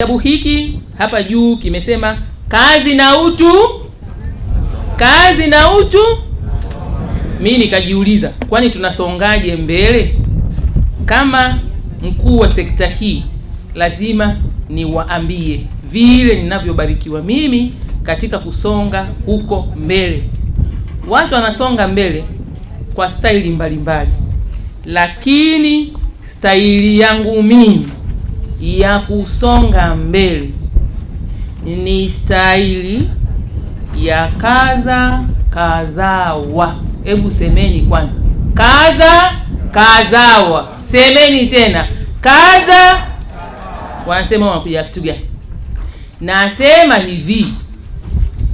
Kitabu hiki hapa juu kimesema kazi na utu, kazi na utu. Mi nikajiuliza, kwani tunasongaje mbele? Kama mkuu wa sekta hii, lazima niwaambie vile ninavyobarikiwa mimi katika kusonga huko mbele. Watu wanasonga mbele kwa staili mbalimbali, lakini staili yangu mimi ya kusonga mbele ni stahili ya kaza kazawa. Hebu semeni kwanza, kaza kazawa. Semeni tena, kaza. Wanasema wanakuja kitu gani? Nasema hivi,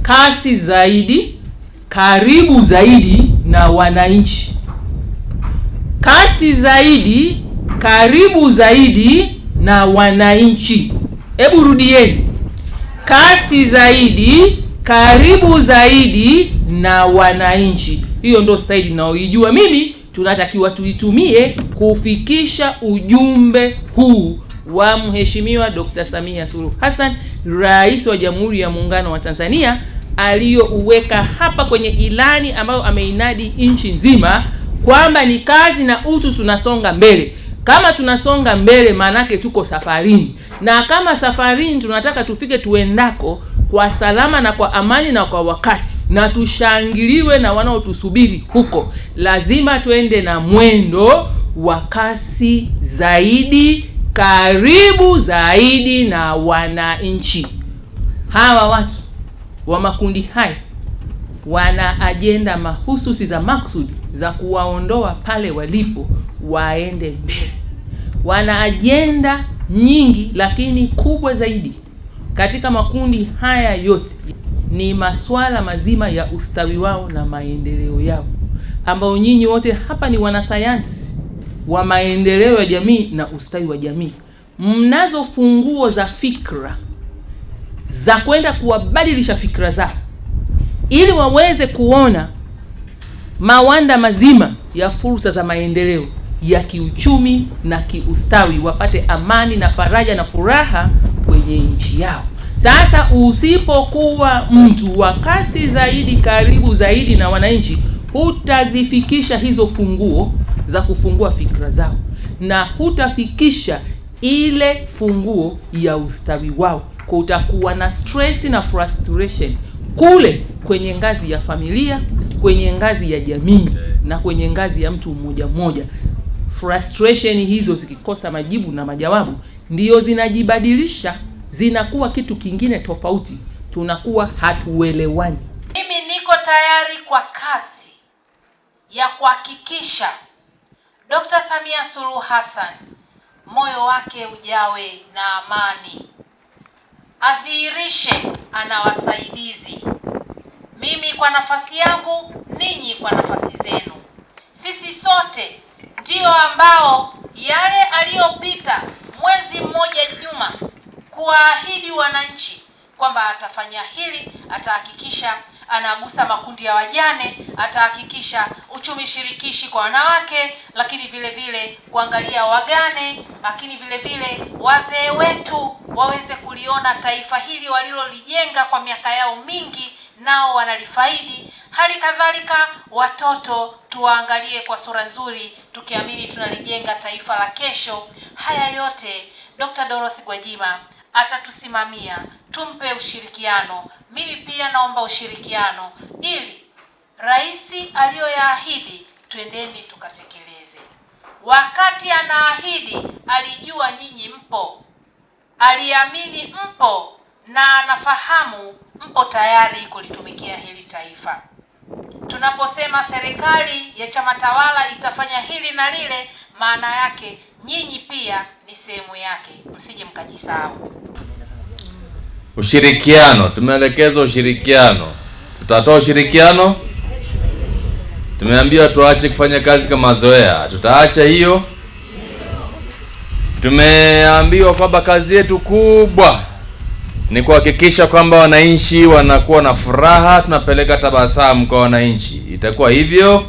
kasi zaidi, karibu zaidi na wananchi. Kasi zaidi, karibu zaidi na wananchi. Hebu rudieni: kasi zaidi, karibu zaidi na wananchi. Hiyo ndio staili naoijua mimi. Tunatakiwa tuitumie kufikisha ujumbe huu wa Mheshimiwa Dr. Samia Suluhu Hassan, Rais wa Jamhuri ya Muungano wa Tanzania, aliyouweka hapa kwenye ilani ambayo ameinadi nchi nzima kwamba ni kazi na utu tunasonga mbele. Kama tunasonga mbele, maanake tuko safarini, na kama safarini tunataka tufike tuendako kwa salama na kwa amani na kwa wakati, na tushangiliwe na wanaotusubiri huko, lazima tuende na mwendo wa kasi zaidi, karibu zaidi na wananchi. Hawa watu wa makundi haya wana ajenda mahususi za maksudi za kuwaondoa pale walipo waende mbele. Wana ajenda nyingi, lakini kubwa zaidi katika makundi haya yote ni masuala mazima ya ustawi wao na maendeleo yao, ambao nyinyi wote hapa ni wanasayansi wa maendeleo ya jamii na ustawi wa jamii. Mnazo funguo za fikra za kwenda kuwabadilisha fikra zao ili waweze kuona mawanda mazima ya fursa za maendeleo ya kiuchumi na kiustawi, wapate amani na faraja na furaha kwenye nchi yao. Sasa usipokuwa mtu wa kasi zaidi, karibu zaidi na wananchi, hutazifikisha hizo funguo za kufungua fikra zao na hutafikisha ile funguo ya ustawi wao, kwa utakuwa na stress na frustration kule kwenye ngazi ya familia, kwenye ngazi ya jamii na kwenye ngazi ya mtu mmoja mmoja frustration hizo zikikosa majibu na majawabu, ndiyo zinajibadilisha zinakuwa kitu kingine tofauti, tunakuwa hatuelewani. Mimi niko tayari kwa kasi ya kuhakikisha Dr. Samia Suluhu Hassan moyo wake ujawe na amani, adhihirishe ana wasaidizi. Mimi kwa nafasi yangu, ninyi kwa nafasi zenu, sisi sote ndio ambao yale aliyopita mwezi mmoja nyuma kuwaahidi wananchi kwamba atafanya hili, atahakikisha anagusa makundi ya wajane, atahakikisha uchumi shirikishi kwa wanawake, lakini vile vile kuangalia wagane, lakini vile vile wazee wetu waweze kuliona taifa hili walilolijenga kwa miaka yao mingi, nao wanalifaidi Hali kadhalika watoto tuwaangalie kwa sura nzuri, tukiamini tunalijenga taifa la kesho. Haya yote Dr. Dorothy Gwajima atatusimamia, tumpe ushirikiano. Mimi pia naomba ushirikiano ili rais aliyoyaahidi twendeni tukatekeleze. Wakati anaahidi alijua nyinyi mpo, aliamini mpo, na anafahamu mpo tayari kulitumikia hili taifa. Tunaposema serikali ya chama tawala itafanya hili na lile, maana yake nyinyi pia ni sehemu yake, msije mkajisahau. Ushirikiano, tumeelekezwa ushirikiano, tutatoa ushirikiano. Tumeambiwa tuache kufanya kazi kama mazoea, tutaacha hiyo. Tumeambiwa kwamba kazi yetu kubwa ni kuhakikisha kwamba wananchi wanakuwa na furaha, tunapeleka tabasamu kwa wananchi. Itakuwa hivyo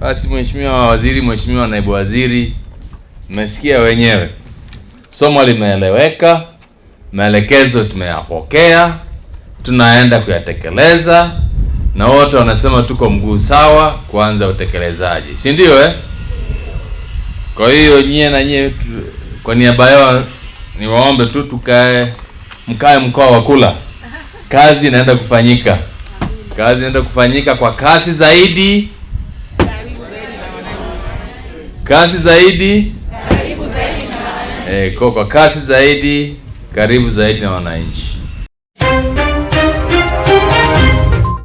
basi. Mheshimiwa Waziri, Mheshimiwa Naibu Waziri, mmesikia wenyewe, somo limeeleweka, maelekezo tumeyapokea, tunaenda kuyatekeleza, na wote wanasema tuko mguu sawa kuanza utekelezaji, si ndio eh? Kwa hiyo nyie na nyie kwa niaba yao niwaombe tu tukae, mkae mkoa wa kula, kazi inaenda kufanyika, kazi inaenda kufanyika kwa kasi zaidi, kasi zaidi, karibu zaidi na wananchi. E, kwa kasi zaidi, karibu zaidi na wananchi.